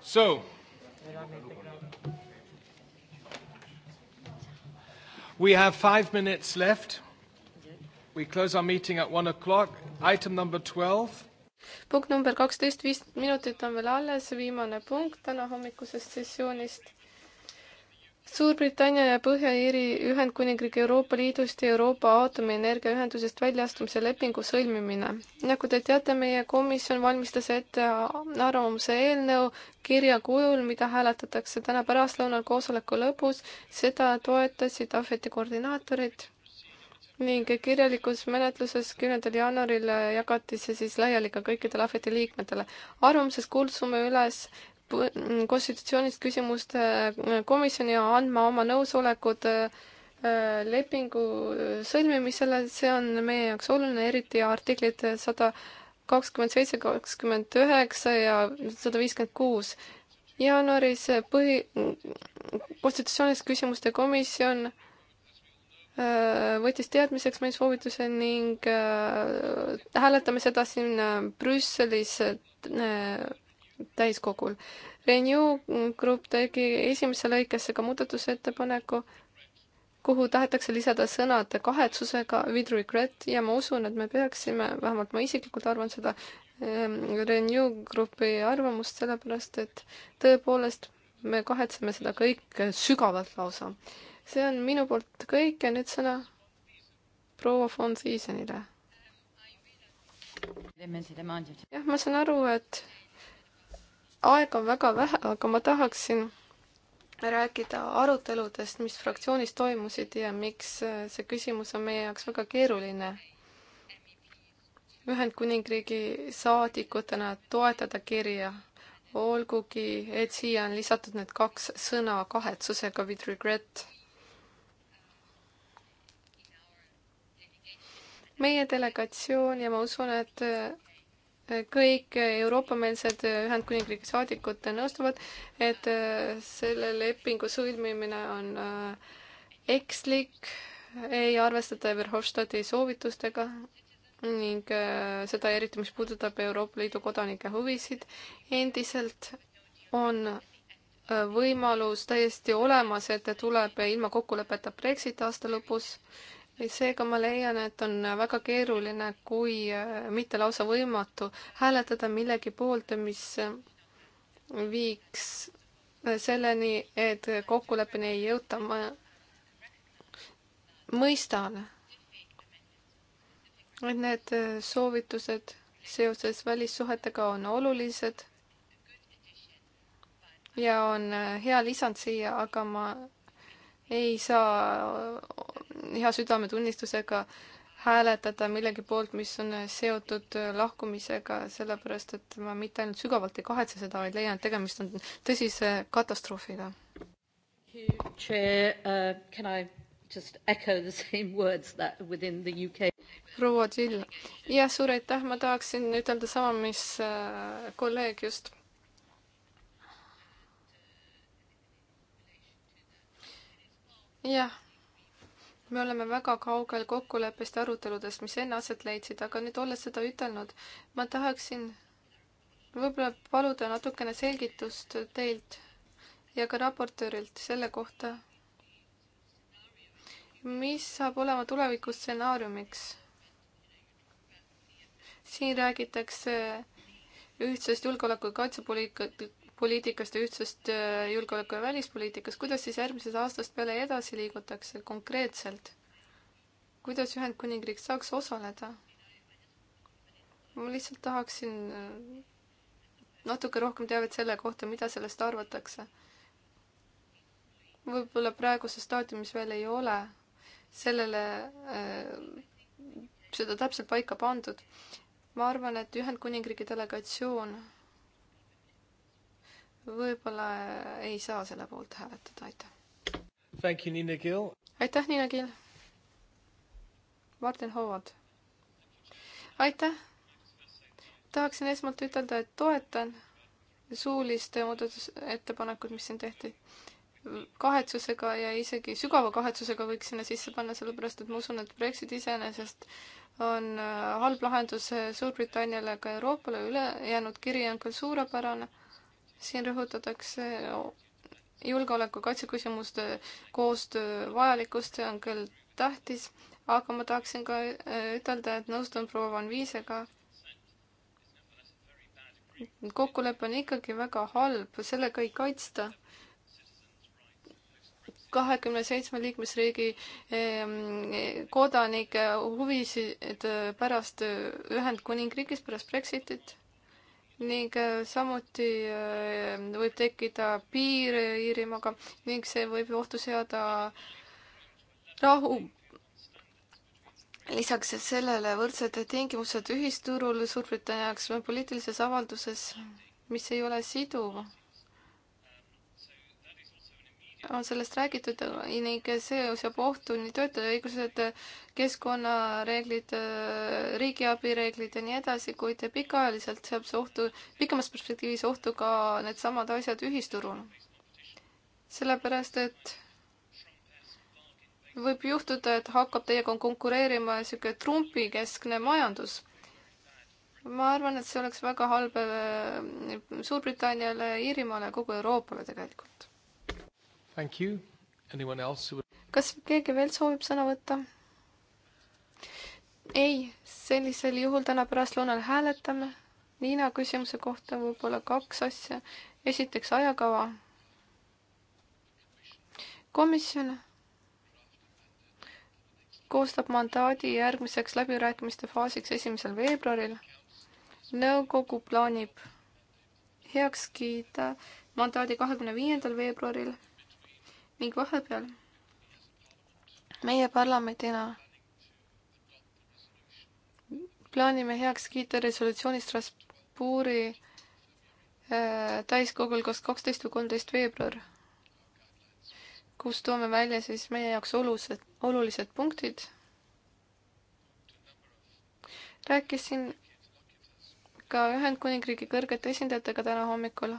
So, we have five minutes left. We close our meeting at one o'clock. Item number twelve. punkt number kaksteist, viis minutit on veel alles, viimane punkt täna hommikusest sessioonist Suurbritannia ja Põhja-Iiri Ühendkuningriik Euroopa Liidust ja Euroopa aatomienergiaühendusest väljaastumise lepingu sõlmimine. nagu te teate, meie komisjon valmistas ette arvamuse eelnõu kirja kujul, mida hääletatakse täna pärastlõunal koosoleku lõpus. seda toetasid ahveti koordinaatorid ning kirjalikus menetluses kümnendal jaanuaril jagati see siis laiali ka kõikidele ahveti liikmetele. arvamuses kutsume üles konstitutsioonist küsimuste äh, komisjoni ja andma oma nõusolekud äh, lepingu äh, sõlmimisele, see on meie jaoks oluline, eriti artiklid sada kakskümmend seitse, kakskümmend üheksa ja sada viiskümmend kuus. jaanuaris põhi, konstitutsiooniliste küsimuste komisjon võttis teadmiseks meie soovituse ning hääletame seda siin Brüsselis täiskogul. Renew Group tegi esimesse lõikesse ka muudatusettepaneku, kuhu tahetakse lisada sõnad kahetsusega with regret ja ma usun, et me peaksime, vähemalt ma isiklikult arvan seda, ehm, Renew Grupi arvamust, sellepärast et tõepoolest me kahetseme seda kõike sügavalt lausa. see on minu poolt kõik ja nüüd sõna proua von Fiesenile. jah, ma saan aru, et aega on väga vähe, aga ma tahaksin rääkida aruteludest, mis fraktsioonis toimusid ja miks äh, see küsimus on meie jaoks väga keeruline. Ühendkuningriigi saadikutena toetada kirja, olgugi et siia on lisatud need kaks sõna kahetsusega with regret. meie delegatsioon ja ma usun, et äh, kõik Euroopa-meelsed Ühendkuningriigi saadikud nõustuvad, et äh, selle lepingu sõlmimine on äh, ekslik, ei arvestata Verhofstadti soovitustega ning äh, seda eriti, mis puudutab Euroopa Liidu kodanike huvisid. endiselt on võimalus täiesti olemas, et tuleb ilma kokkuleppeta Brexit aasta lõpus seega ma leian, et on väga keeruline, kui äh, mitte lausa võimatu hääletada millegi poolt, mis äh, viiks äh, selleni, et kokkuleppeni ei jõuta. ma mõistan, et need soovitused seoses välissuhetega on olulised ja on hea lisand siia, aga ma ei saa hea südametunnistusega hääletada millegi poolt, mis on seotud lahkumisega, sellepärast et ma mitte ainult sügavalt ei kahetse seda, vaid leian, et tegemist on tõsise katastroofiga. Uh, proua Jill, jah, suur aitäh, ma tahaksin ütelda sama, mis uh, kolleeg just jah me oleme väga kaugel kokkuleppest ja aruteludest, mis enne aset leidsid, aga nüüd olles seda ütelnud, ma tahaksin võib-olla paluda natukene selgitust teilt ja ka raportöörilt selle kohta, mis saab olema tuleviku stsenaariumiks. siin räägitakse ühtsest julgeoleku- ja kaitsepoliitika poliitikast ja ühtsest äh, julgeoleku- ja välispoliitikast, kuidas siis järgmisest aastast peale edasi liigutakse konkreetselt? kuidas Ühendkuningriik saaks osaleda? ma lihtsalt tahaksin äh, natuke rohkem teavet selle kohta, mida sellest arvatakse. võib-olla praeguses staadiumis veel ei ole sellele äh, seda täpselt paika pandud. ma arvan, et Ühendkuningriigi delegatsioon võib-olla ei saa selle poolt hääletada, aitäh. Thank you, Niina Kill. aitäh, Niina Kill. Martin Howard. aitäh. tahaksin esmalt ütelda, et toetan suuliste muudatusettepanekut, mis siin tehti. kahetsusega ja isegi sügava kahetsusega võiks sinna sisse panna, sellepärast et ma usun, et Brexit iseenesest on äh, halb lahendus Suurbritanniale ka Euroopale, ülejäänud kiri on küll suurepärane siin rõhutatakse julgeoleku kaitseküsimuste koostöö vajalikkust, see on küll tähtis, aga ma tahaksin ka äh, ütelda, et nõustun proua Van Viisega. kokkulepe on ikkagi väga halb, sellega ei kaitsta kahekümne seitsme liikmesriigi ehm, kodanike huvisid äh, pärast Ühendkuningriigis, pärast Brexitit ning äh, samuti äh, võib tekkida piir Iirimaaga ning see võib ohtu seada rahu. lisaks sellele võrdsed tingimused ühisturul Suurbritannia jaoks poliitilises avalduses, mis ei ole siduv on sellest räägitud ning see seab ohtu nii töötaja õigused, keskkonnareeglid, riigiabi reeglid ja nii edasi, kuid pikaajaliselt seab see ohtu, pikemas perspektiivis ohtu ka needsamad asjad ühisturul. sellepärast, et võib juhtuda, et hakkab teiega konkureerima niisugune trumpikeskne majandus ma arvan, et see oleks väga halb eh, Suurbritanniale, Iirimaale, kogu Euroopale tegelikult. Who... kas keegi veel soovib sõna võtta? ei, sellisel juhul täna pärastlõunal hääletame. Liina küsimuse kohta võib-olla kaks asja. esiteks ajakava. komisjon koostab mandaadi järgmiseks läbirääkimiste faasiks esimesel veebruaril. nõukogu plaanib heaks kiita mandaadi kahekümne viiendal veebruaril ning vahepeal meie parlamendina plaanime heaks kiita resolutsiooni Strasbourgi äh, täiskogul kas kaksteist või kolmteist veebruar, kus toome välja siis meie jaoks olulised, olulised punktid. rääkisin ka Ühendkuningriigi kõrgete esindajatega täna hommikul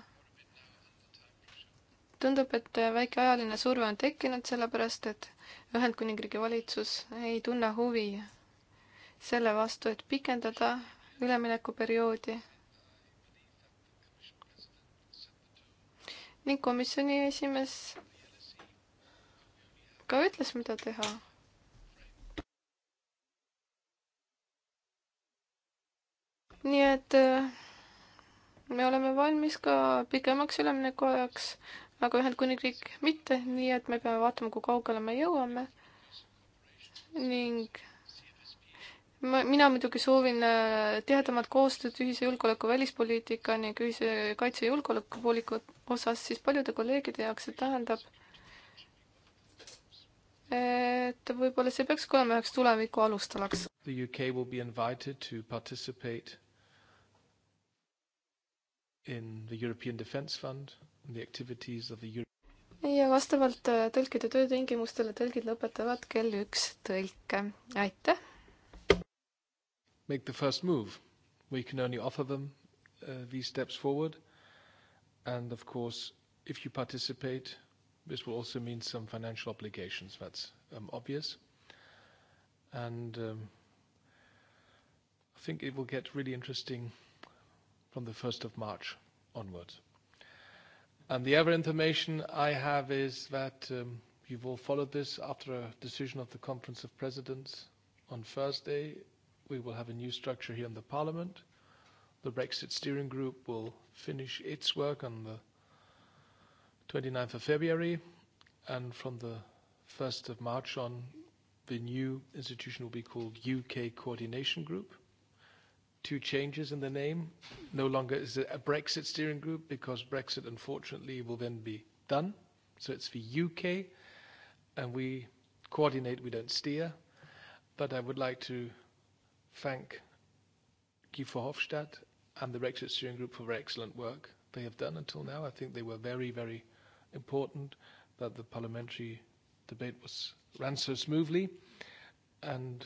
tundub, et väike ajaline surve on tekkinud, sellepärast et Ühendkuningriigi valitsus ei tunne huvi selle vastu, et pikendada üleminekuperioodi. ning komisjoni esimees ka ütles, mida teha nii et äh, me oleme valmis ka pikemaks üleminekuajaks, aga Ühendkuningriik mitte, nii et me peame vaatama, kui kaugele me jõuame. ning ma, mina muidugi soovin äh, tihedamat koostööd ühise julgeoleku välispoliitika ning ühise kaitse- ja julgeolekupoliitika osas, siis paljude kolleegide jaoks see tähendab, et võib-olla see peaks ka olema üheks tuleviku alustalaks. The UK will be invited to participate in the European Defence Fund and the activities of the Euro- ja vastavalt äh, tõlkide töötingimustele tõlgid lõpetavad kell üks tõlke. aitäh! Make the first move. We can only offer them uh, these steps forward. And of course, if you participate, this will also mean some financial obligations. That's um, obvious. And um, I think it will get really interesting from the 1st of March onwards. And the other information I have is that um, you've all followed this. After a decision of the Conference of Presidents on Thursday, we will have a new structure here in the Parliament. The Brexit Steering Group will finish its work on the 29th of February, and from the 1st of March on, the new institution will be called UK Coordination Group two changes in the name. No longer is it a Brexit steering group because Brexit, unfortunately, will then be done. So it's for UK, and we coordinate, we don't steer. But I would like to thank Guy Verhofstadt and the Brexit steering group for their excellent work they have done until now. I think they were very, very important that the parliamentary debate was ran so smoothly. And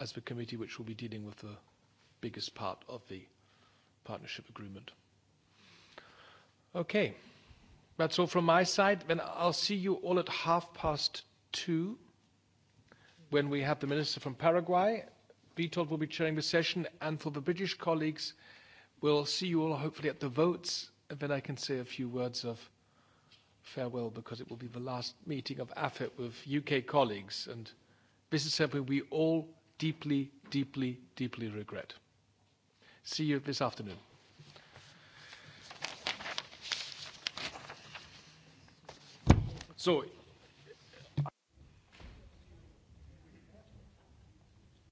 as the committee which will be dealing with the biggest part of the partnership agreement. Okay. That's all from my side. Then I'll see you all at half past two when we have the minister from Paraguay. Vitold will be chairing the session, and for the British colleagues, we'll see you all hopefully at the votes, and then I can say a few words of farewell because it will be the last meeting of AFET with UK colleagues, and this is something we all deeply, deeply, deeply regret. See you this afternoon. So